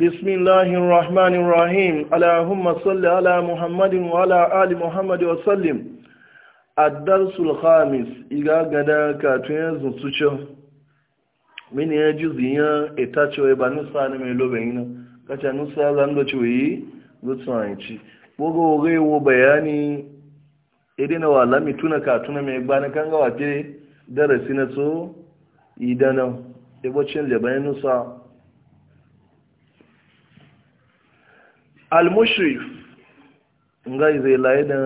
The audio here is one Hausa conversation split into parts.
بسم الله الرحمن الرحيم اللهم صل على محمد وعلى آل محمد وسلم الدرس الخامس إذا قد كاتوين زنسوشو من يجزيا إتاتشو إبا نسان ميلو لبين كاتا نسان لنغتوي لتسانيشي Bogo gai wo bayani idina wa lami tuna ka tuna mai gbani kan gawa ke darasi na so idana al ngai zai laye da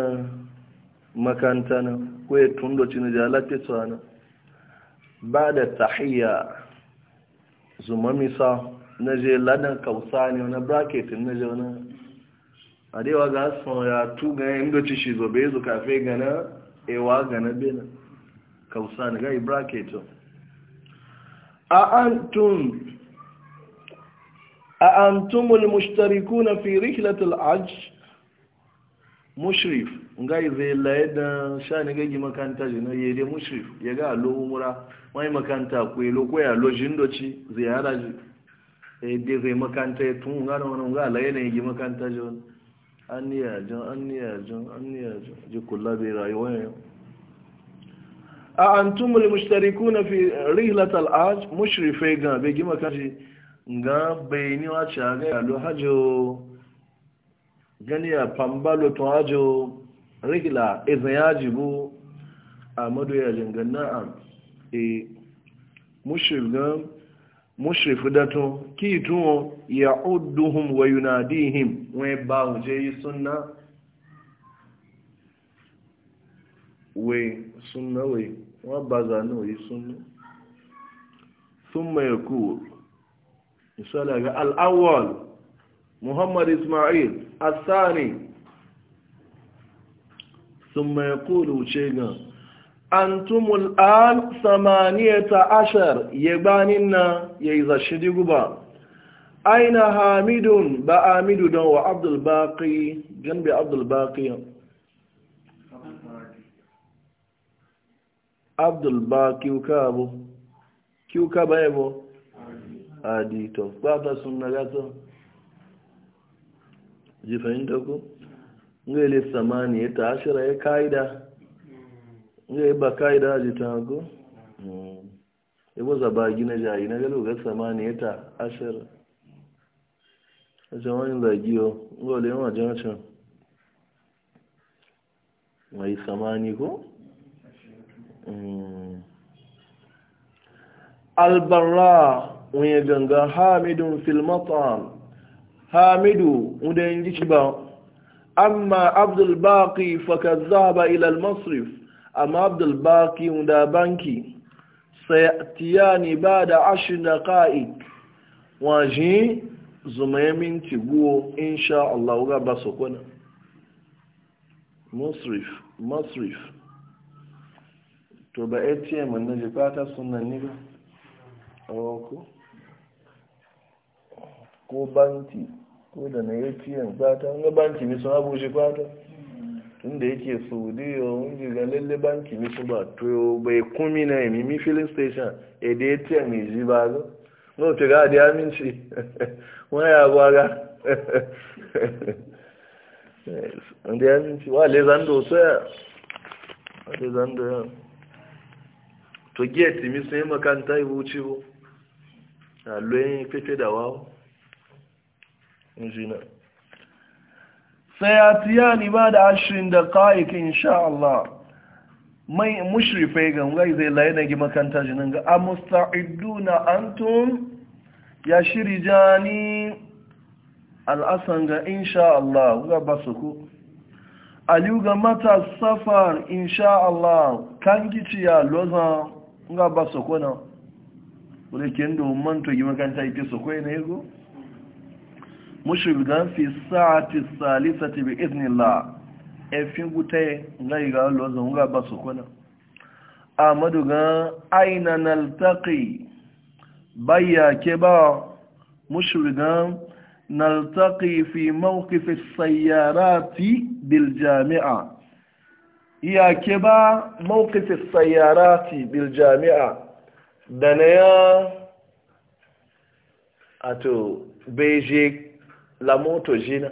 makanta na ko ya tundo cin jalake na. ba da tahiyya zumamisa na je ladan kausa ne wani bracket na je wani adewa ga son ya tu ga inda ci shi zo bai zo kafe gana ewa gana bena kausa ne ga bracket a antum أأنتم المشتركون في رحلة الحج مشرف ngai zai laye da sha ni gaji makanta jina ya dai mushrif ya ga lo umura mai makanta ku lo ko ya lo jindoci ziyara ji e dai zai makanta ya tun ga nan ga laye ne gi makanta ji an ni ya jan an ni ya jan an ni ya jan ji kullabe rayuwa yau a antumul mushtarikuna fi rihlatal hajj mushrifai ga bai gi makanta nga bayani wace a ga yalo hajjọ gani ya pambalo to hajjo rigila izin ya a madoya jingan na'am e mushirgan mushrifu dato ki tuwo ya udduhum wa yunadihim wai ba wuje yi sunna wai sunna wai wa ba za na sun mai يسألك الأول محمد إسماعيل الثاني ثم يقول شيئا أنتم الآن ثمانية عشر يبانينا يزا شديق با أين حامد بآمد دو عبد الباقي جنب عبد الباقي عبد الباقي كيو كابو كيو adito kwata sunna gato ji fahimta ku ngai le samani ya tashira ya kaida ngai ba kaida ji ta ku ibo hmm. zaba gina jayi na galo ga samani ya ta ashira jama'in zagiyo ngole yawan jama'in mai samani ku? Hmm. albarra wani ganga hamidun filmatan hamidu wanda yin gici ba amma abdulbaki faka zaba ilal masrif amma abdulbaki wanda banki sayatiyani ba da ashirin da ka'id waje zumayamin tiguo insha Allah ga ba su kuna masrif masrif to ba atm na jikata sunan ni ba a wako ko banki ko da na yi ciyan fata ga banki mi sun abu shi kwata? tun da yake saudiya wunji ga lalle banki mi sun ba to bai kumi na yi mimi filin station e a da ya tiya mai ji ba ga no ta ga da aminci waya gwaga da ya aminci wa le zando alexander ya to gate mi sun yi makanta ibu cibo a loyin fete da wawo injina sayatiyani ba da ashirin da ƙa'ik insha Allah mai mushrife ga wai zai laina gi makanta jinin ga amusta'iduna antum ya shiri jani al'asan ga insha Allah ga basu ku aliyu ga mata safar insha Allah kan gici ya loza ga basu ku na wulikin kendo manto gi makanta ipi su kwai na yago mushirgan fi sa'ati salisati bi iznillah efin gute nga iga lo zo nga basokona amadu ga aina naltaqi bayya ke ba mushirgan naltaqi fi mawqif as-sayyarati bil jami'a Ya ke ba mawqif as-sayyarati bil jami'a da na ya ato beijing la lamoto jina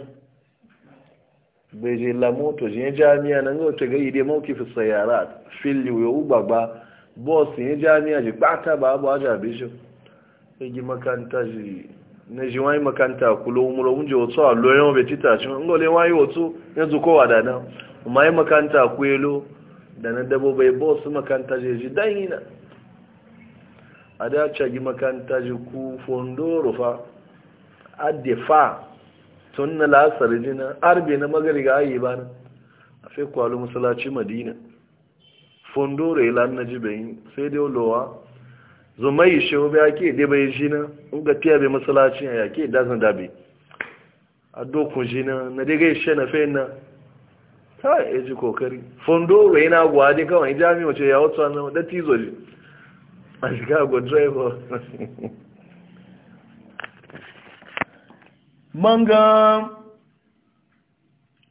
bai je lamoto jina jami'a nan ga wata gai dai mawuki fi sayara fili yau gbagba boss ne jami'a ji bata ba abu aja bishin igi makanta ji na ji wani makanta kulo umuro mun je wato a loyan obe tita shi n gole wani wato ya zuko wa da nan ma yi makanta kwelo da na dabo bai boss makanta ji ji dan yi na a da cagi makanta ji ku fondoro fa adefa tun na lasar jina arbe na magariga ayi ba na a fi kwalo musulaci madina fondo railan na jibayin sai dai lowa zumai shi obi ake dai shi na ga tiya bai musulaci a yake dazin dabe a dokun jina na na dai na fe na ta yi ji kokari fondo na guwa dai kawai jami'a ce ya wata na da tizo ji a shiga go driver manga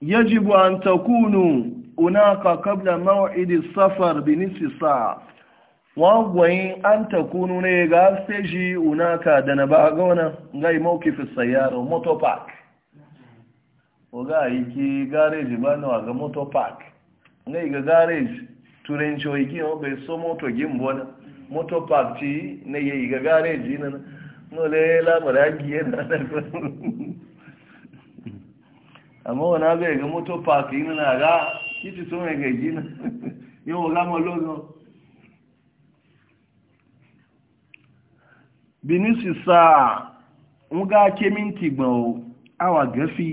yajibu an takunu unaka kabla maw'idi safar bi nisfi sa'a wa an takunu ne ga stage unaka da na ba gona ngai mawqif sayyara moto park oga yiki garage bano ga moto park ngai ga garage turencho yiki obe so moto gimbona na park ti ne yi ga na. nana no le la na àmọ́ wọn zai ga mọ́tò páàkì nínú àrá kí ti tó rẹ̀ gẹ̀ẹ́jì náà yóò wọ́n rámọ́ lọ́nà benin sáà ń gá kémíntì gbọ̀n o àwà gẹ́fì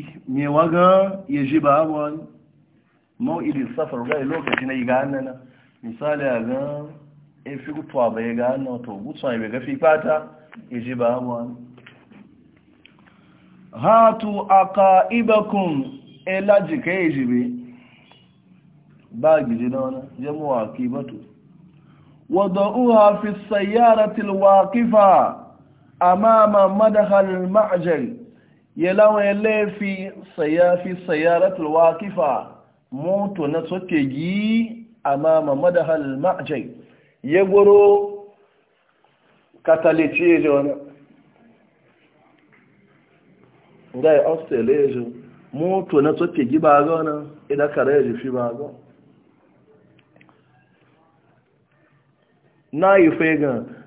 ya ji ba bá wọn mọ́ ilé sáfàrọ̀ na ìgá nana misali a gan efi kutu àbẹ̀yẹ gá nà tó gútù àìbẹ̀ gẹ́fì ya ji ba wọn hatu aka ibakun elaji ka yi jibe ba gidi na wani jamuwa ki batu wadda uha fi sayyaratil waqifa amama madahal ma'jal yalawa laifi sayafi sayyaratil waqifa moto na soke gi amama madahal ma'jal ya goro katalice je wani nga ya australasia moto na tsoke giba ba ga wani idan kare ya jifi ba ga na yi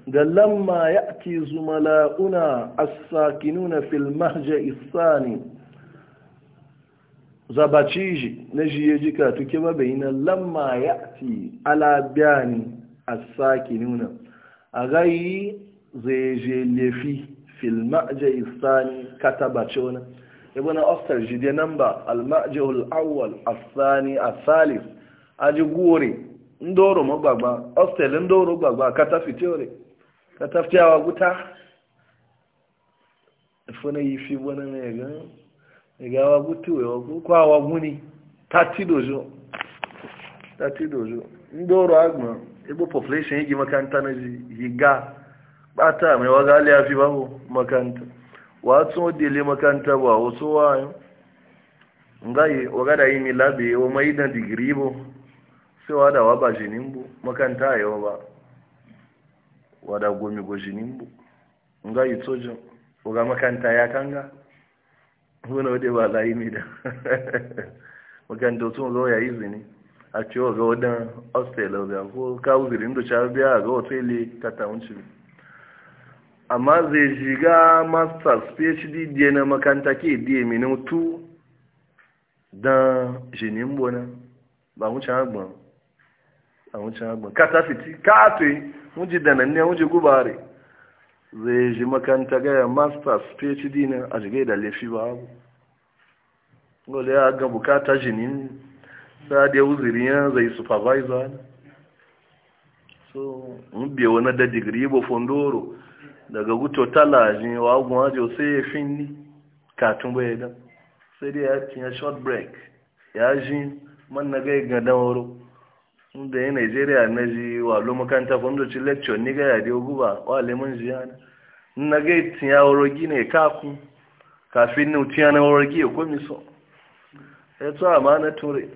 da lamma ya ci zumala'una asakinuna fil mahja isani zabaciji na jiye jika tuke babayi na lamma ya ci alabiyani asakinuna a gayi zai je lefi filmaje isani kataba cewa ibn oscar jide namba almaje al'awwal asani asalis aji gore ndoro magbagba ostel ndoro gbagba katafi teore kataftiyawa guta funa yi fi wani mai gan igawa gutu wewa kwawa guni tati dojo ndoro agba ibo population yi gi makanta na ji ga bata mai waga liyafi babu makanta wasu dele makanta ba wasu wayo ngai waga da yimi labe o mai da digiri bo sai wada wa ba jinin bu makanta yawa ba wada gomi go jinin bu ngai tsojo waga makanta ya kanga wani wade ba la yimi da makanta tun zo ya izini a ciwo ga wadan hostel ga ko Ka zirin da cha ga hotel ka ta wuce amma zai shiga masters phd da na makanta ke da minutu da jinin bona ba wucin agbon a wucin agbon kata fiti katwe wuje da nan ne ji gubare zai shi makanta gaya masters phd na a jigai da lafi ba abu gole ya ga bukata jinin sa da uzuri ya zai supervisor so mu biya wani da digiri ba fondoro daga guto talaji wa agun waje sai ya fin ni katun bai da sai dai ya cinye short break ya ji man na gai ga dawaro inda ya nigeria na ji wa lo makanta gwamnati lecture ni ga ya ogu ba wa lemun ziyana na gai tinya woro gine kaku kafin ni tinya na woro gi e ko mi so ya e to amana ture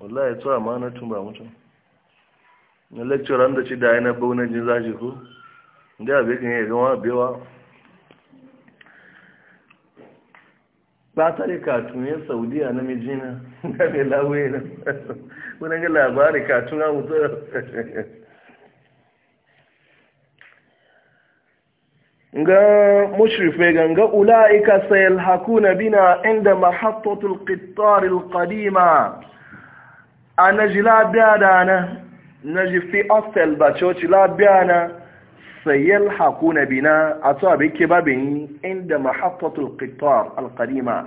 wallahi ya e to amana tumba mutum na lecture an da ci da yana bauna jin zaji ko ndị abeghi ya ga wa bewa batare katunye saudiya na mijina na mai lawe na wani ga labari katuna mutu ga mushrife ganga ula'ika sayalhakuna bina inda mahattatul qittaril qadima a naji labiya da na naji fi ba coci labiya na سيلحقون بنا أصاب كبابين عند محطة القطار القديمة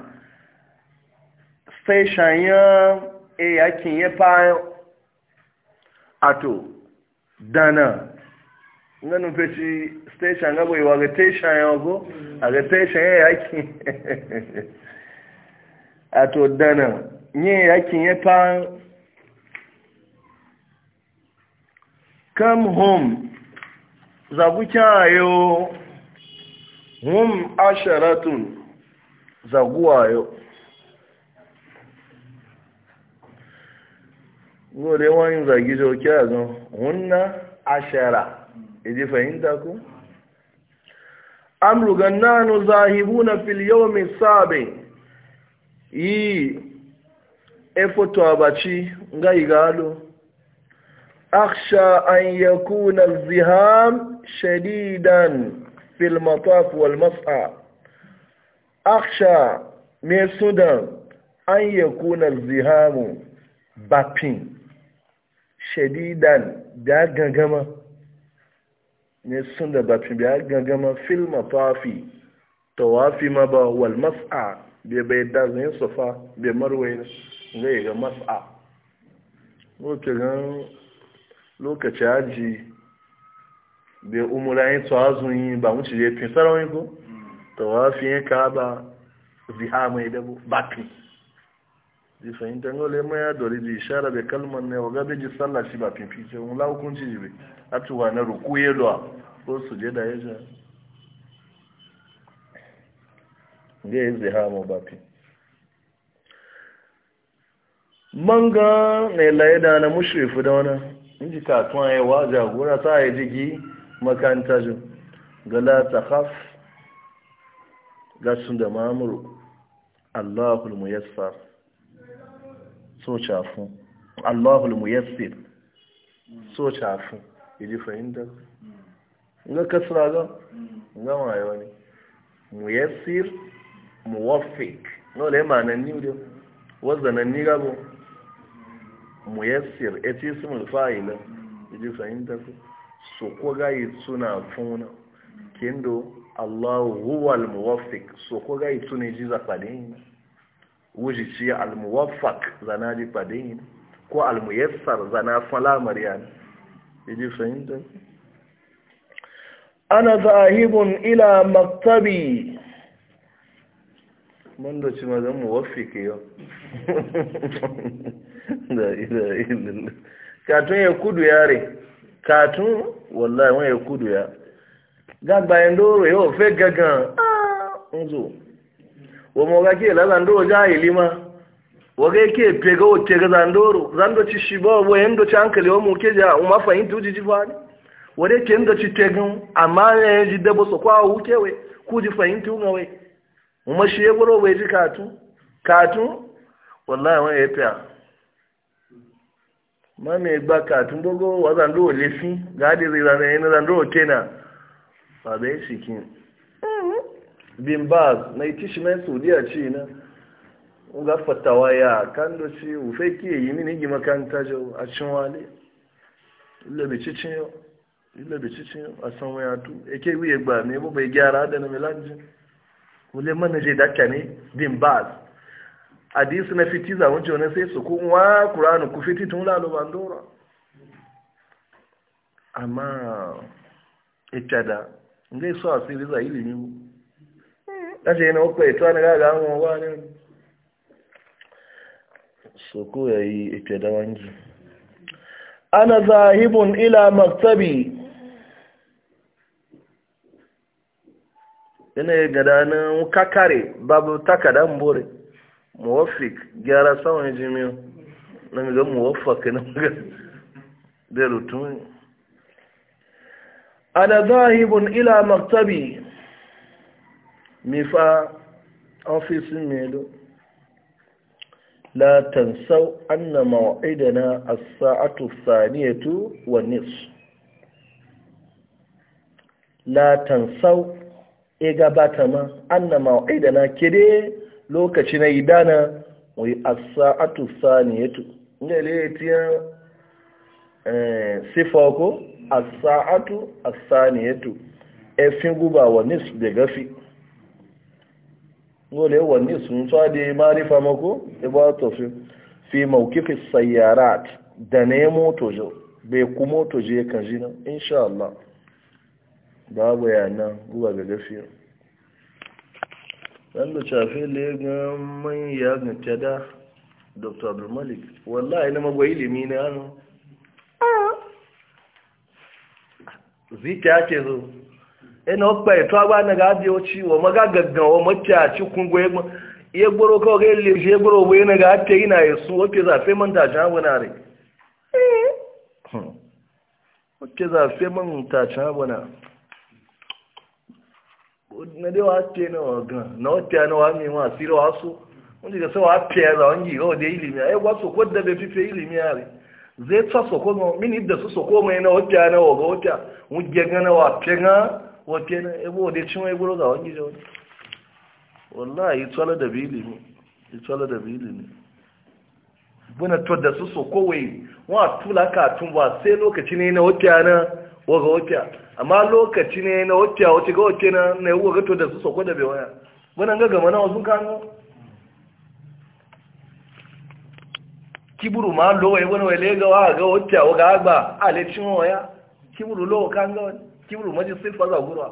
ستيشن إيه أكين يبا station ga ya a ga ya yaki to dana nye yakin ya fayo come home zagu kyayo hum asharatun zaguwayo gore wani zagi zo kyazo hunna ashara idi fahimta ku nanu zahibu na fil yawmi sabi yi efoto abachi ngai galo akhsha an yakuna ziham شديدا في المطاف والمسعى اخشى من سودان ان يكون الزهام بابين shadidan da gangama ne sun da bafin da gangama fil matafi tawafi ma ba wal mas'a bai bai da zai safa bai zai ga mas'a lokacin lokaci bai umura yin tsawazun yi ba wuce pin hmm. fi sarawin ko tawafin ya ka ba ziha mai dabo baki ji fahimtar gole mai ya dori ji shara bai kalmar ne waga bai ji sallah shi ba fifi ce wani lahukunci ji bai a tuwa na ruku ya luwa ko su je da ya ja ga yi ziha mai ba fi manga mai laida na mushrifu da wani in ji katuwa ya wa jagora ta ya jigi مكان مكانتاجو غلا تخاف غاسون ده مامور الله الميسر سو شافو الله الميسر سو شافو يجي فهمت غا كسرا غا غا ما يواني ميسر موفق نو له معناني ودي وزنني غابو ميسر اتي اسم الفاعل يدي فهمت so ko suna funa kendo Allah huwa al-muwaffiq so ko gai tuni ji za padin wuji ci al-muwaffaq zana ji padin ko al-muyassar zana fala maryan yaji fahimta ana zahibun ila maktabi mun da ci muwaffiq yo da ila ila katun ya kudu yare Kaatun wala wọn yẹ kudu ya gagba yẹn lóore yóò fẹ gangan ń zò wọn mọ gàkí ìlà zandoro já ìlí ma wọn ga kí èpè gẹ ó zandoro zando ti ọbọ yẹn ń dọ̀tí ọmọ kejì àwọn máa tó jíjí fa ni wọn dẹ kí ń dọ̀tí àmà yẹn jí dẹbọ àwọn kú jí tó ń ṣe é jí yẹ mami egba tun gbogbo wa zando lefi gadi zirana yana zando tena ba bai shikin bin ba na iti shi mai saudiya ce na ga fatawa ya kan da ce ufe ki e yi ni gima kan jo a cin wale ilabi cicin yau bi cicin yau a san waya tu eke wuye gba ne bu bai gyara da na milanjin wule mana je dakka ne bin ba hadisi na fiti za wuce wani sai su wa kuranu ku fiti tun laluban dora amma ita da ngai so asiri za ilimi nace yana wakwa ita na gaga an wa ne su ku ya yi ita da wanji ana zahibun ila maktabi yana yi gada na kakare babu takada mbore muwafik gyara saman ya jimiyo na ga muwafaka na ga da rutun ana zahibun ila maktabi mifa ofisin melo la tansau anna maw'idana as-sa'atu thaniyatu wa nisf la tansau e gabata ma anna maw'idana kide lokaci na idana wai as-sa'atu saniyatu inda ile tiya eh, sifa ko as-sa'atu as-saniyatu e fi guba wa nis da gafi gole wa nis mun tsawa da marifa mako e ba to fi fi mawqifi sayyarat da ne moto jo bai ku moto je kan jina insha Allah babu yana guba ga gafi wanda da shafe mai ya ganta da dr abdulmalik wallahi na magwai ilimi na yano zika ake zo ina ọpa agba na ga adị ochi wa maga gaggan wọ mace a cikin gwa gboro kawai ga ile shi gboro ogbo yana ga ake yi na esu oke zafe man da jan wani are oke zafe man ta jan wani na dai wa pe na wa na wa wa mi wa wa su wanda ga sawa pe za wangi ga da ilimi ai wa so kodda be fi fe ilimi yare zai ta so ko mini da su so ko mai na wa wa ga wa pe mu ge ga na wa pe ga wa pe na e bo de cin ai yi tsala da ilimi tsala da ilimi buna to da su so wa tula ka tun ba sai lokaci ne na wa waga wakiya amma lokaci ne na wakiya wace ga wake na na yi to da su sauko da bewaya muna ga gama na wasu kano kiburu ma lo wai wani wale ga wa ga wakiya waga agba a lecin waya kiburu lowa kan ga wani kiburu maji sai faza gura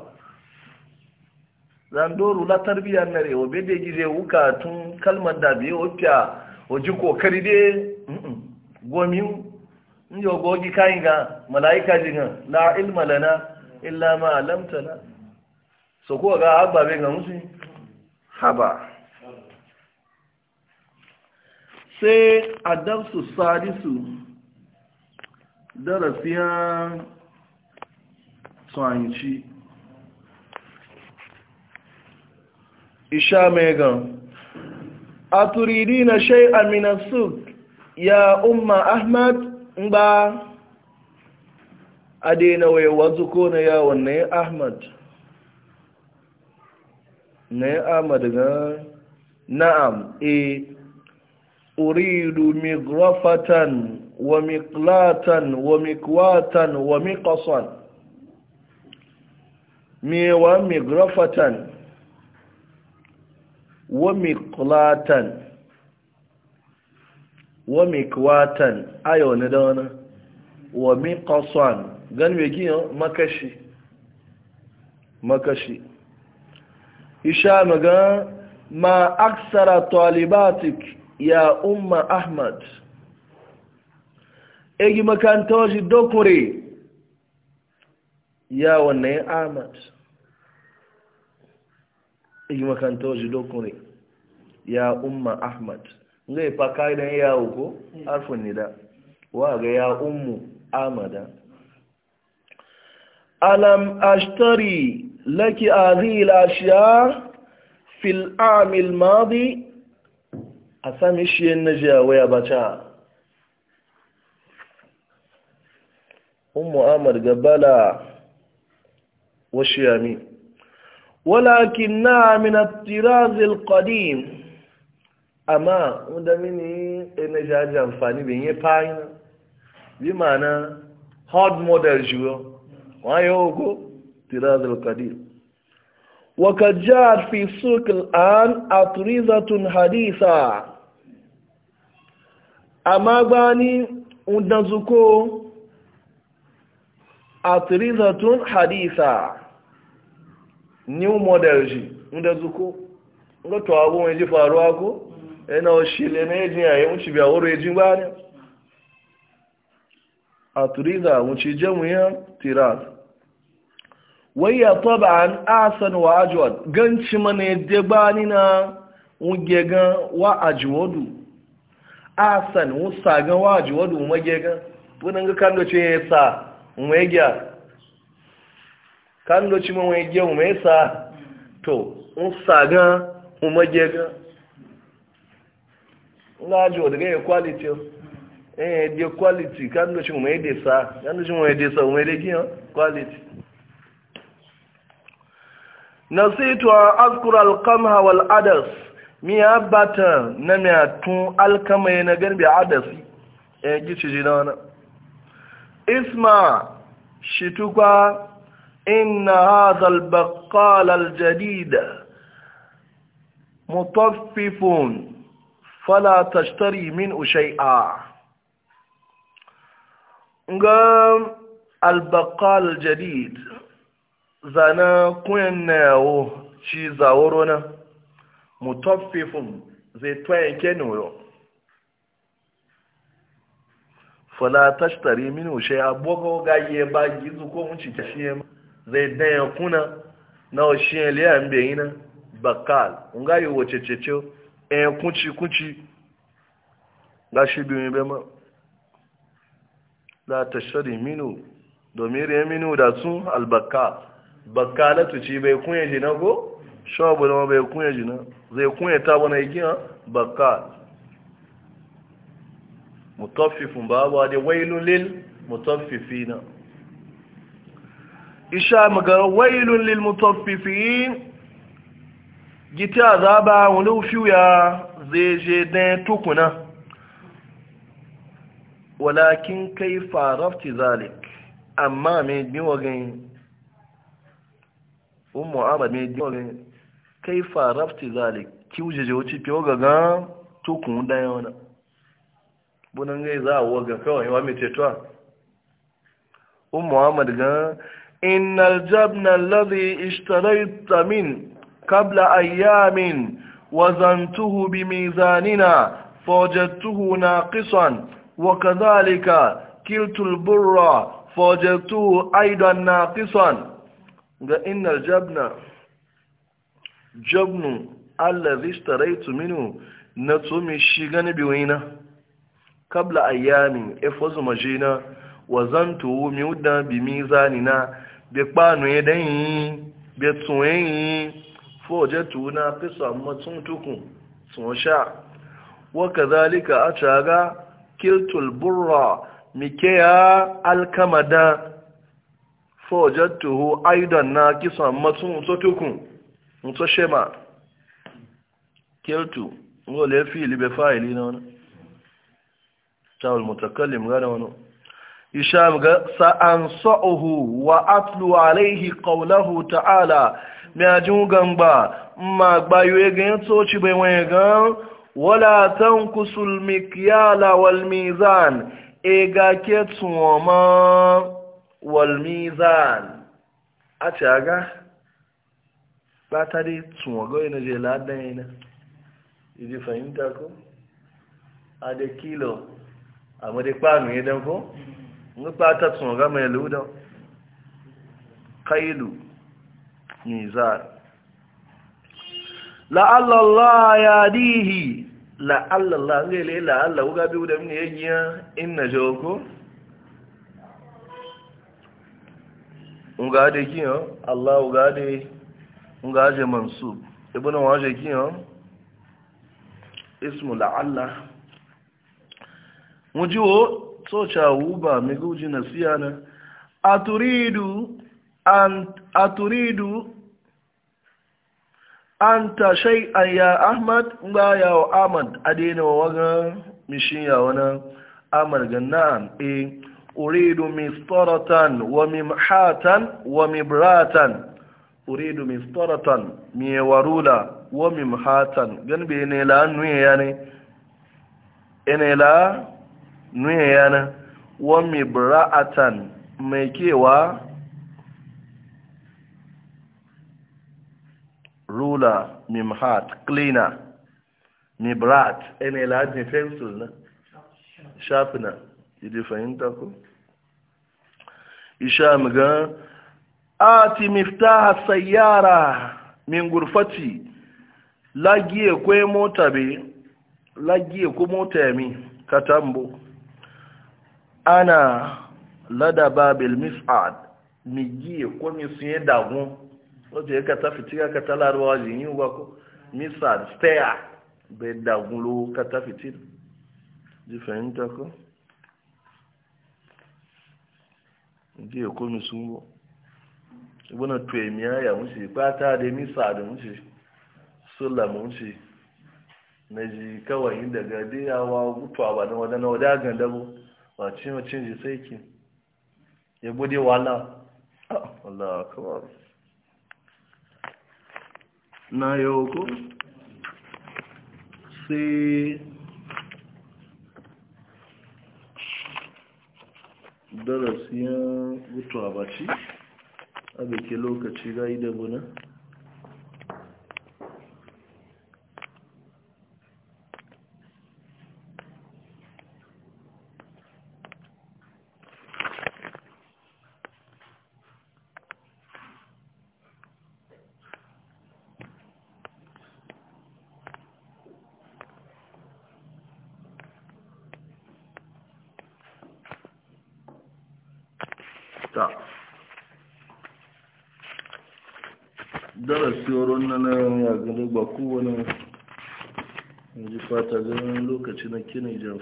doru la tarbiyyar na rewa bai da gije wuka tun kalmar da biyu wakiya wajen kokari dai gomin in yau bogi kayin ga mala'ika jigan la ilma lana illa ma alamtana so ko ga abba bai ga musu haba sai adamsu sadisu darasiyan tsanci isha megan a turidina shai'a minasuk ya umma ahmad mgba adina wai wanzu ko na yawon na ya ahmad na ya ahmad ga na'am e uridu migrafatan wa miklatan wa mikwatan wa mikasan mewa migrafatan wa miklatan wa mikwatan ayo ne da wani wa miqasan gan me giyo makashi makashi isha maga ma aksara talibatik ya umma ahmad egi makanta wasu dokure ya wannan ahmad egi makanta wasu dokure ya umma ahmad zai fa ka'idan yawo ko harfin nida wa ga ya ummu amada alam ashtari laki hadhihi al-ashya fil aam al-madi asami shi naja waya bata ummu amar gabala washiyami na من الطراز kadim. amma wanda mini ina ji ajiye amfani bin yi fahina bi ma'ana hard model juwa wayo ogo tirazil kadir waka jihar fi sukul an a hadisa amma gbani wundan zuko a hadisa new model ji wundan zuko ko wani ji faruwa ko ena oshile meji ya yemuchi bia oro eji gbani aturiza muchi jemu ya tiraz waya taban asan wa ajwad ganci mana de gbani na ugega wa ajwadu asan usaga wa ajwadu magega bunan ga kando ce yasa umegya kando ci mun wegya umesa to usaga umegega nga ajo daga ya quality eh dia quality kan do shi mai desa mai wal adas mi na mi atun alkama na adas adasi eh gici jina wana isma shituka inna hadha albaqal aljadid fala tashtari min ushai'a ga albaqal jadid zana kuyan na yawo ci zaworo na mutaffifin zai twaye kenan yau fala tashtari min ushai'a boko gaye ba gizu ko mun ci kashe zai daya kuna na washe liyan bayina bakal ngayi wace cece ɗaya eh, kunci-kunci ga shi biyu bai ma la ta shari minu domin riya minu da albaka baka na tuci bai kunye jina ko shawabu da ma bai kunye jina zai kunye ta wani igiya baka mutaffifin babu da wailun lil mutaffifina isha magana wailun lil gita za ba wani fiya zai je don tukuna walakin kai farafti zalik amma mai biwagin umu abu mai biwagin kai farafti zalik ki wujeje wuce fiye gan tukun daya wani bunan gai za a waga kawai wa mai tetuwa umu abu gan inar jabna lazi ishtarai min قبل أيام وزنته بميزاننا فوجدته ناقصا وكذلك كلت البر فوجدته أيضا ناقصا إن الجبن جبن الذي اشتريت منه نتوم الشيغان بوينة قبل أيام افوز مجينا وزنته ميودا بميزاننا بقبانو يدين بيتسوين fojetu na kisa matsun tukun sun sha waka zalika a caga kiltul burra mikeya alkamada fojetu aidan na kisa matsun tukun mutu shema kiltu ngole fili be faili na wani tawul mutakallim gane wani isham ga sa'an sa'uhu wa atlu alaihi qawlahu ta'ala miajin gangba ma gbayo ega yin toci bai wani gan wala tan kusul mikyala wal mizan ega ke tuwoma a ce aga ba ta dai tuwogo yana je ladan yana iji fahimta ko a da kilo a nípa tàtùn mẹ́lú dán nizar la'allallah ya dihi la'allallah zai lai la'allah wuga biyu da mini yagiya ina joko nga da kiyan allah wuga da nga je mansub ibina waje kiyan ismu la'allah mujiwo tsoca wuba mai guji na siyana a turidu aturidu an ta a ya ahmad ba ya wa ahmad a daina wa waga mishin ya wani amar ga na'am e uridu mistaratan wa mimhatan wa mibratan uridu mistaratan mi warula wa mimhatan gan be ne la nuye ya ne ene la nuye ya ne wa mibratan mai kewa rula mimhat cleaner mibrat ene lajin pencil na sharpener idi fahimta ko isham ga ati miftaha sayyara min gurfati lagiye kwe mota be lagiye ko mota mi. katambo ana lada babil mis'ad migiye ko misiye dagun ojú ẹ̀ka tafiti ká kata láàrọ̀ wa yìí yín wá kó misa spẹ́à bẹ́ẹ̀ dàgún ló ká tafiti jù fẹ̀yìn takọ́ ìdí ko mi sún bọ́ ìgbóná tu èmi àyà ń ṣe pátá de misa àdùn ń ṣe sólà mò ń ṣe nàìjí kawai daga de àwa mutuwa ba na wadana wadá gandabo ba cin cin ji sai ki ya bude wala Allah ah, na yau ko sai darasiyan gutu abaci a bikin lokaci ga guna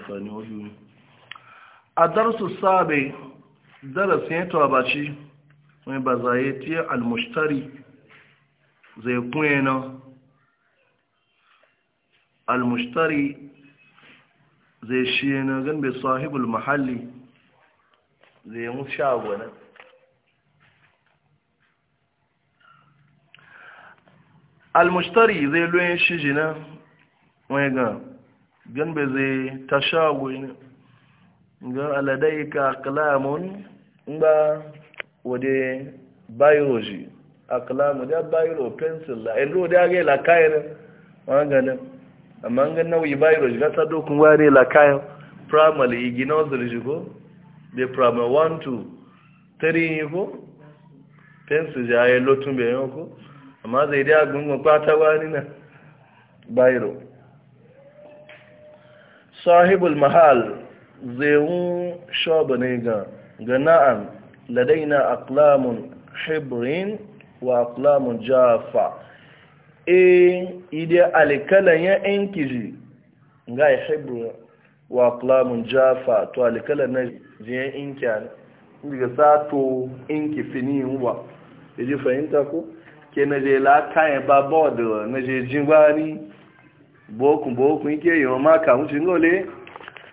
amfani wajen a darsu sabe darasin ya tabaci mai ba za ya tiye almushtari zai kunye na almushtari zai shiye na ganbe sahibul mahalli zai yi musha gwanan almushtari zai loyin shi jina wani gan gan bai zai ta shago ne ga aladai ka kalamun ba wade bayro shi a kalamun da bayro pencil la ilo da ga la kayan maganin amma ga nauyi bayro ga ta dokun ware la kayan primary gina zirji ko da primary 1 2 3 ko pencil ja ya lotun bayan amma zai da kwata wani na sahibul mahal zewun shoba ne ga ga na'am ladaina aqlamun hibrin wa aqlamun jafa e ide alikalan ya enkiji ga hibrin wa aqlamun jafa to alikalan na jiyan inkiya daga sato inki fini wa yaji e fahimta ko ke na je la kayan ba bod na je jin bani boku boku nke yi maka wuce nole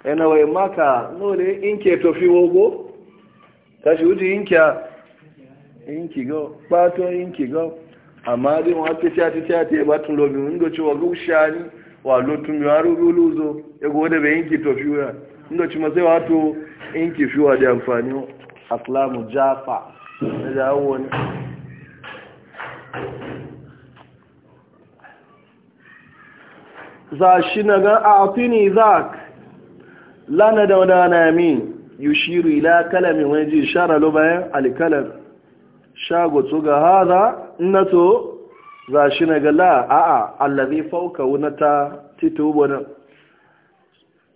yana maka nole inke tofi wogo kashi wuce inke inki go pato inki go amma dai wa ta ta ta ta ba tun lobi mun go cewa gushani wa lotun mi haru ruluzo ya go da bai inki tofi wa ndo ci masai wato inki fiwa da amfani aslamu jafa da wani za shi na ga a tuni zak lana da wadana min yushiru ila kalami wani ji shara lo bayan alkalam shago ga haza na to za shi na ga la a a allazi fauka ta titubu nan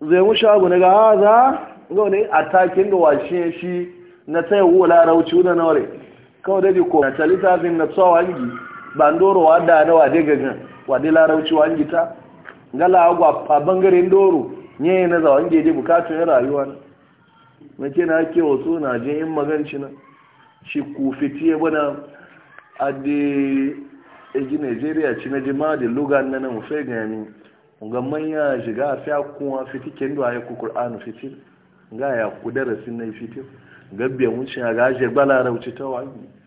zai mu shago na ga haza ga wani atakin da washe shi na tsaye wula rauci wuna na ware kawai daji ko na zai na tsawa yi ba ndoro wa da na wade gagan wade larauci wa hangi ta gala agwa a bangaren doro ne na zawon gede bukatun ya rayuwa na mace na ke wasu na jin yin maganci na shi ku fiti ya bana a da egi nigeria ci na jima da lugan na nan mafi gani ga manya shiga a fiya kuma fiti kendo a yi ku kur'anu fiti ga ya ku na fitin gabbe wuce gbala rauci ta wani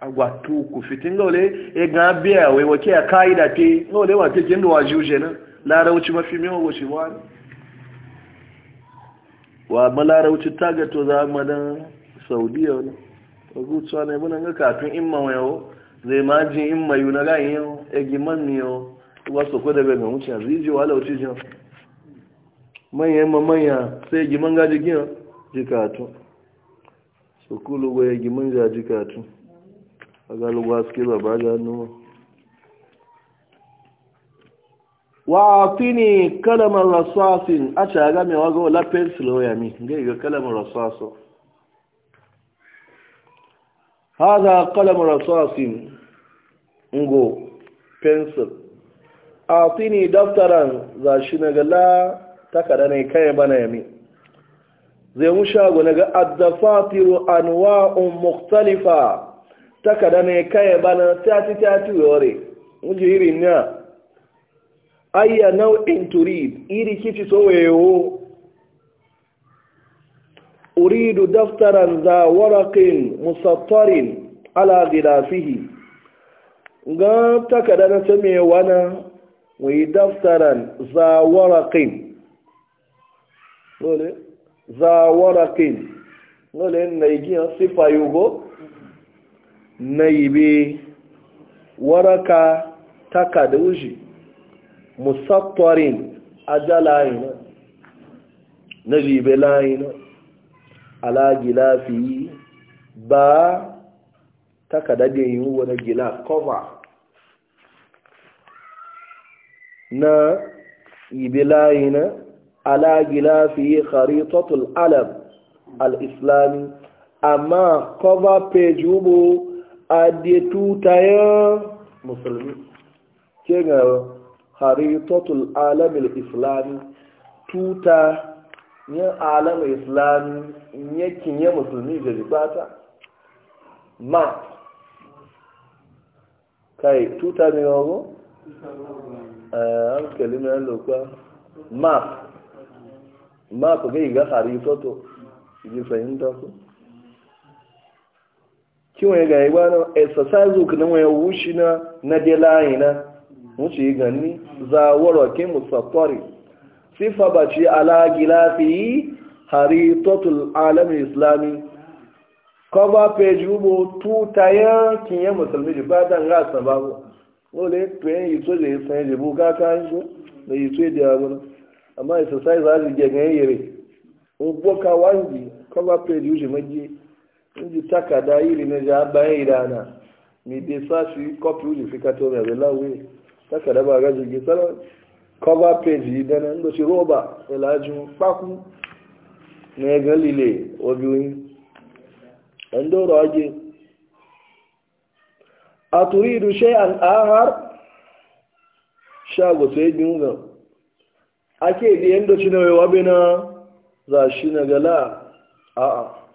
agwatu ku fitin gole e ga biya wai wake a kaida te gole wa ke juje na larauci mafi mewa goshi wa wa ma larauci taga to za ma dan saudiya wala to gutsuwa ne ka tun kafin imma wayo zai ma ji imma yu na ga yin e giman ni yo e wasu ko da be ji mutum ziji wala uci jin manya ma sai ga jikatu sukulu ga jikatu agalugwa suke baba gano wa fini kalamar rasuwasin a shaga mai wago lafiyar siloyami ga iga kalamar rasuwaso haza kalamar rasuwasin ngo pencil a fini daftaran za shi na gala takada ne kayan bana yami zai mu shago na ga addafatiru anuwa'un muktalifa takada ne kai bana tati tati yore muje iri na ayya nau'in turid iri kici so uridu daftaran za waraqin musattarin ala ghilafihi ga takada na tame wana wi daftaran za waraqin za sifa yugo na yibe waraka takada uji musattarin aja layina na jibe layina ala gilafi ba taka da yin wani gila cover na yibe layina ala gilafi kharitatul alam al-islami amma cover page ubu adi tutaya musulmi ke ga haritatul alamil islami tuta yin alamil islami yakin ya musulmi da ribata ma kai tuta ne yawo a eh, hankali na lokwa map map ga iga ji fahimta kiwon ya gaya gbanon exercise ku na waya wushi na na delayi na wuce yi ganni za waroke musafari sifa ba ce ala gilafi hari total alamin islami cover page ubo tutaya kinye musulmi ji ba ta nga sababu wole tuyen yi to je san je bu ka kan so da yi to da abu amma exercise za ji ganyen yere ubo ka wangi cover page uji maji ndi takada iri na ja bayan idana mi de sashi copy uli fika to na bela we takada ba ga jirgi sara cover page idana ndochi shi roba elaju paku na ga lile obiwin ndo roje aturidu shay'an ahar shago sai dinga ake da yanda shi na wabe na za shi na gala a'a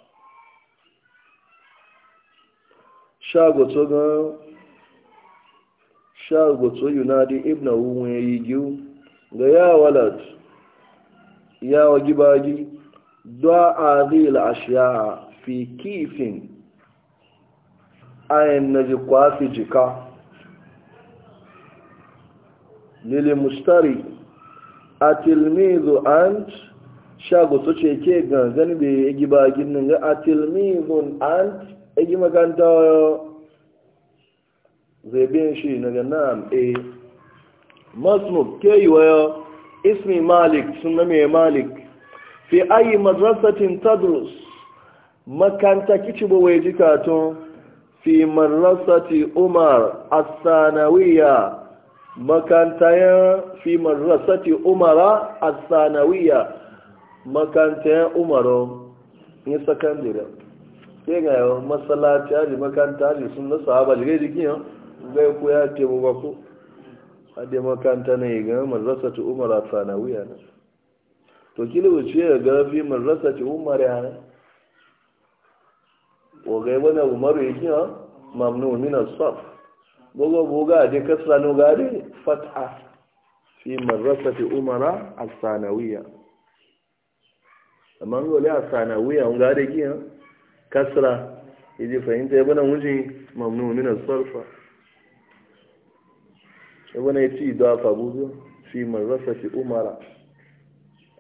shagoto yunadi ibna wuwe yi giu ga ya walad ya wagi bagi da azil ashiya fi kifin ayin na ji kwafi jika lili mustari a tilmizu ant shagoto ce ke gangan bai yi gibagi nan ga a tilmizun ant egi makaranta zai biyan shi daga ganam a eh. masmuk ke yi wayo, ismi malik suna mai malik fi ayi madrasatin tadrus makanta kici ba wai ji katon fi madrasati umar asanawiya makantayen fi madrasati umara asanawiya ya. umaru ni sakandare sai ga yawan matsalaci aji makanta aji sun na sahaba jirai jikin yau zai koya ya ce mu ba ku hade makanta ne ga madrasa ta umar a sanawiya na to kila wuce ya ga fi madrasa ta umar ya ne wa ga wani umaru yake ha mamnu min as-saf bogo boga de kasra no fat'a. fatha fi madrasati umara as-sanawiya amma ngole as-sanawiya ngade kiyan kasra yaji fahimta ya bana wujin mamnu min as-sarfa ya bana yaci da fa buzo fi marrasati umara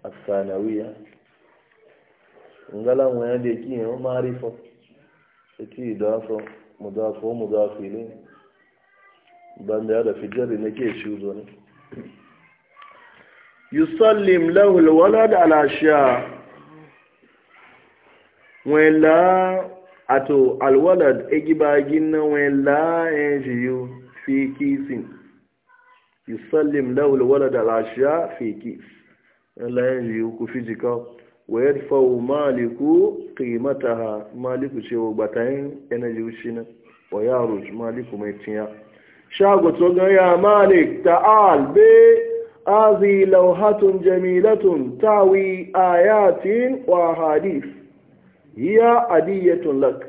as-sanawiya ngala mu ya de kiyo marifo yaci da fa mudafo mudafi ne ban da da fijar ne ke shuzo ne yusallim lahu al-walad ala shi'a wela ato alwalad egibagin na wela yóò fi kisin yusallim lahu alwalad dàláṣà fi kis wela enjiyu ku fi jika wa yadfa'u maliku qimataha maliku ce wa batayin maliku mai tiya shago malik ta'al be هذه لوحة جميلة تعوي آيات وأحاديث ya adiyatun lak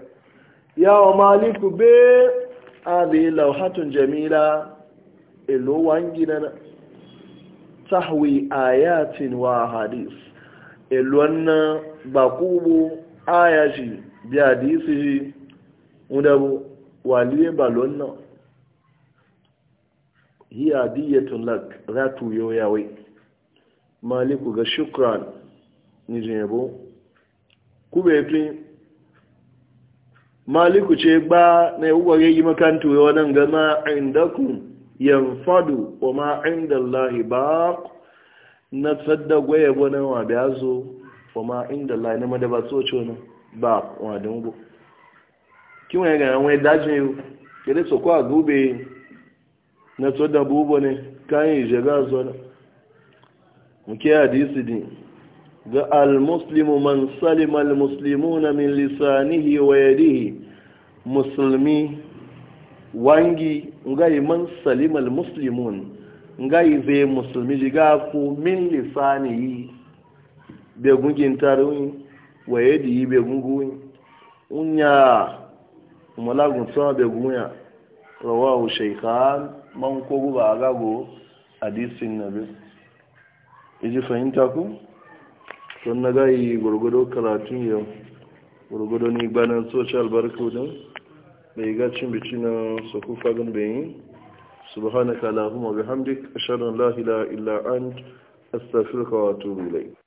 ya wa maliku be abi lauhatun jamila ilu wangina na tahwi ayatin wa hadis ilu na bakubu ayaji bi hadisi ji udabu waliye balon na hi lak ratu yoyawe maliku ga shukran nijin kubetu maliku ce ba na yawware yi makantu ya wadan gama indakun yanfadu wa ma inda Allah ba na tsadda gwaye wani wa da ya zo wa ma inda Allah na madaba so ce wani ba wa dango kima ya gana wani dajin yau kere so kwa gube na tsadda bubo ne kayan ije ga zuwa muke hadisi din ga almuslimu man salima almuslimuna min lisanihi wa yadihi musulmi wangi ngai man salima almuslimun ngai zai musulmi jiga ku min lisanihi be gungin tarun wa yadihi be gungun unya mulagun sa be gunya rawahu shaykhan man ko guba gago hadisin nabi iji fahimta ku don na gayi gurgudo karatun yau gurgudo ni banan social barku din gacin ga cin na suku fagen bayin subhanaka allahumma bihamdik ashhadu an lahila illa ant astaghfiruka wa atubu